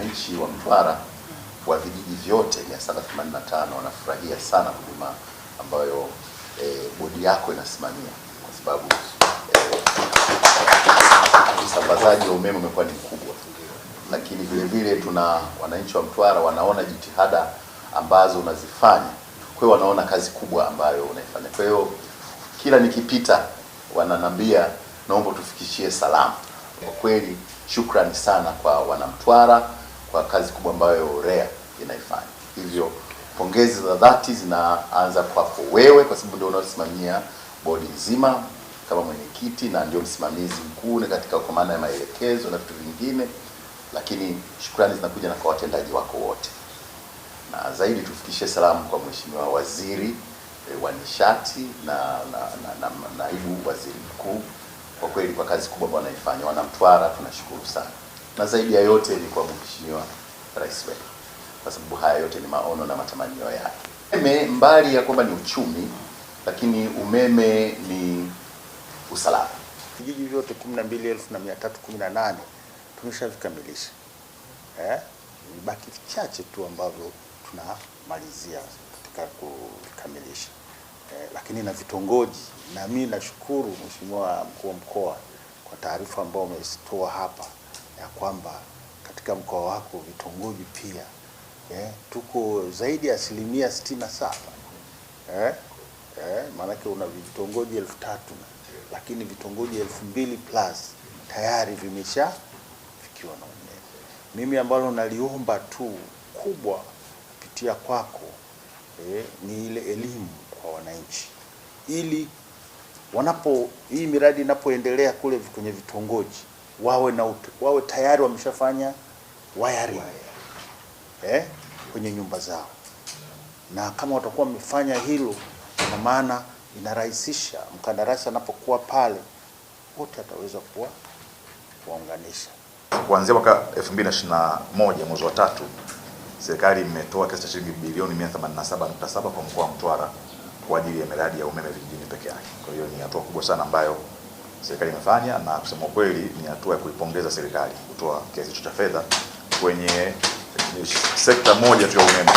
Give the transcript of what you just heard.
wananchi wa Mtwara wa vijiji vyote 185 wanafurahia sana huduma ambayo e, bodi yako inasimamia kwa sababu e, usambazaji wa umeme umekuwa ni mkubwa, lakini vile vile tuna wananchi wa Mtwara wanaona jitihada ambazo unazifanya, kwa hiyo wanaona kazi kubwa ambayo unaifanya. Kwa hiyo kila nikipita wananambia naomba tufikishie salamu. Kwa kweli shukrani sana kwa Wanamtwara kwa kazi kubwa ambayo REA inaifanya. Hivyo pongezi za dhati zinaanza kwako wewe, kwa sababu ndio unaosimamia bodi nzima kama mwenyekiti na ndio msimamizi mkuu katika kwa maana ya maelekezo na vitu vingine, lakini shukrani zinakuja na kwa watendaji wako wote, na zaidi tufikishe salamu kwa Mheshimiwa Waziri eh, wa Nishati na, na, na, na Naibu Waziri Mkuu, kwa kweli kwa kazi kubwa ambayo wanaifanya. Wanamtwara tunashukuru sana na zaidi ya yote ni kwa Mheshimiwa Rais wetu, kwa sababu haya yote ni maono na matamanio yake. Umeme mbali ya kwamba ni uchumi, lakini umeme ni usalama. Vijiji vyote 12318 tumeshavikamilisha eh, vibaki vichache tu ambavyo tunamalizia katika kukamilisha eh, lakini na vitongoji, na mimi nashukuru Mheshimiwa mkuu wa mkoa kwa taarifa ambayo umezitoa hapa ya kwamba katika mkoa wako vitongoji pia eh, tuko zaidi ya asilimia sitini na saba eh, eh, maanake una vitongoji elfu tatu lakini vitongoji elfu mbili plus tayari vimesha fikiwa na umeme. Mimi ambalo naliomba tu kubwa kupitia kwako eh, ni ile elimu kwa wananchi ili wanapo hii miradi inapoendelea kule kwenye vitongoji wawe na utu, wawe tayari wameshafanya wiring eh, kwenye nyumba zao, na kama watakuwa wamefanya hilo, kwa maana inarahisisha mkandarasi anapokuwa pale, wote ataweza kuwa kuwaunganisha. Kuanzia mwaka 2021 mwezi wa tatu, serikali imetoa kiasi cha shilingi bilioni 187.7 kwa mkoa wa Mtwara kwa ajili ya miradi ya umeme vijijini peke yake. Kwa hiyo ni hatua kubwa sana ambayo serikali imefanya, na kusema kweli ni hatua ya kuipongeza serikali kutoa kiasi hicho cha fedha kwenye sekta moja tu ya umeme.